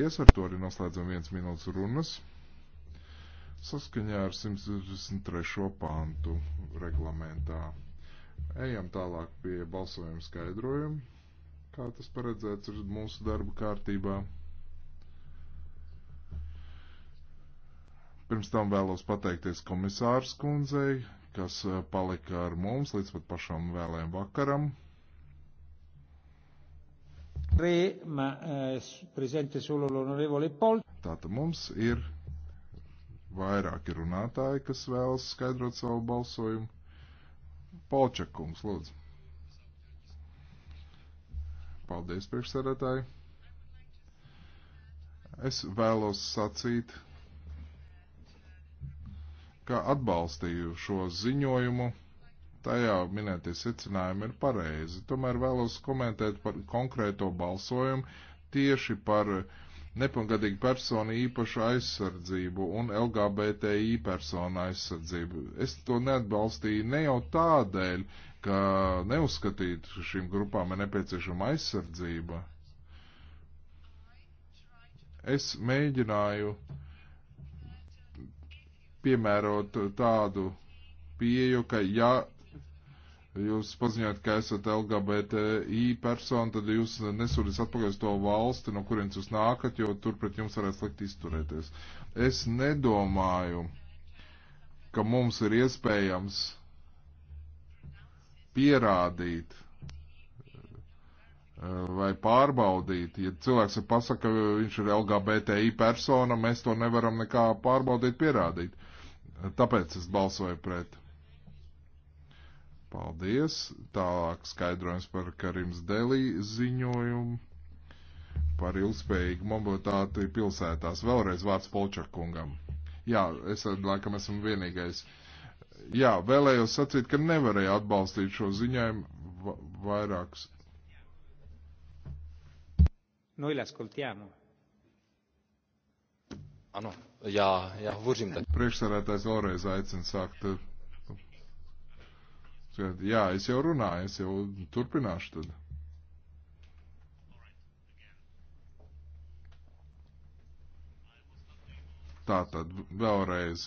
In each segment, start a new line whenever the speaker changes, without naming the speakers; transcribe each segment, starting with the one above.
Ies ar to arī noslēdzam viens minūtes runas saskaņā ar 163. pantu reglamentā. Ejam tālāk pie balsojuma skaidrojuma, kā tas paredzēts ir mūsu darba kārtībā. Pirms tam vēlos pateikties komisārs kundzei, kas eh, palika ar mums līdz pat pašam vēlēm vakaram. Re, ma, eh, solo Tātad mums ir vairāki runātāji, kas vēlas skaidrot savu balsojumu. Polčakums, lūdzu. Paldies, priekšsēdētāji. Es vēlos sacīt, ka atbalstīju šo ziņojumu tajā minētie secinājumi ir pareizi. Tomēr vēlos komentēt par konkrēto balsojumu tieši par nepilngadīgu personu īpašu aizsardzību un LGBTI personu aizsardzību. Es to neatbalstīju ne jau tādēļ, ka neuzskatītu, ka šīm grupām ir nepieciešama aizsardzība. Es mēģināju piemērot tādu pieju, ka ja jūs paziņojat, ka esat LGBTI persona, tad jūs nesūdīs atpakaļ uz to valsti, no kurienes jūs nākat, jo tur pret jums varētu slikt izturēties. Es nedomāju, ka mums ir iespējams pierādīt eh, vai pārbaudīt. Ja cilvēks pasaka, ka viņš ir LGBTI persona, mēs to nevaram nekā pārbaudīt, pierādīt. Tāpēc es balsoju pret. Paldies. Tālāk skaidrojums par Karims Delī ziņojumu par ilgspējīgu mobilitāti pilsētās. Vēlreiz vārds Polčakungam. Jā, es laikam esmu vienīgais. Jā, vēlējos sacīt, ka nevarēju atbalstīt šo ziņojumu vairākus. Noi l'ascoltiamo. Ano, jā, jā, hovorim. Priekšsarētājs vēlreiz aicina sākt eh, Jā, es jau runāju, es jau turpināšu tad. Tātad, vēlreiz,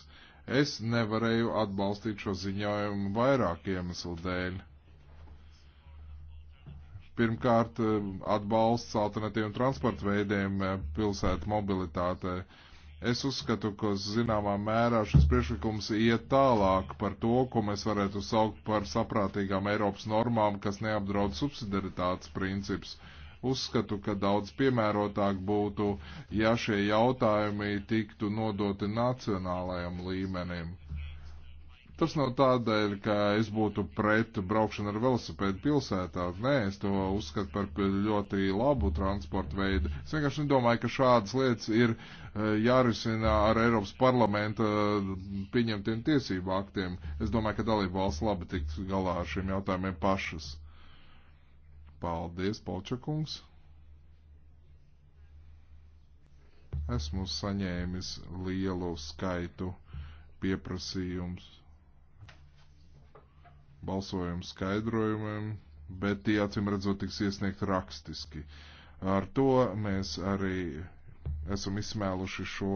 es nevarēju atbalstīt šo ziņojumu vairāk iemeslu dēļ. Pirmkārt, atbalsts alternatīviem transporta veidiem pilsētu mobilitātei Es uzskatu, ka zināmā mērā šis priekšlikums iet tālāk par to, ko mēs varētu saukt par saprātīgām Eiropas normām, kas neapdraud subsidiaritātes princips. Uzskatu, ka daudz piemērotāk būtu, ja šie jautājumi tiktu nodoti nacionālajam līmenim Tas nav tādēļ, ka es būtu pret braukšanu ar velosipēdu pilsētā. Nē, es to uzskatu par ļoti labu transportu veidu. Es vienkārši nedomāju, ka šādas lietas ir eh, jārisina ar Eiropas parlamenta eh, pieņemtiem tiesību aktiem. Es domāju, ka dalība valsts labi tiks galā ar šiem jautājumiem pašas. Paldies, Polčakungs! Esmu saņēmis lielu skaitu pieprasījums balsojumu skaidrojumiem, bet tie acīm redzot tiks iesniegt rakstiski. Ar to mēs arī esam izsmēluši šo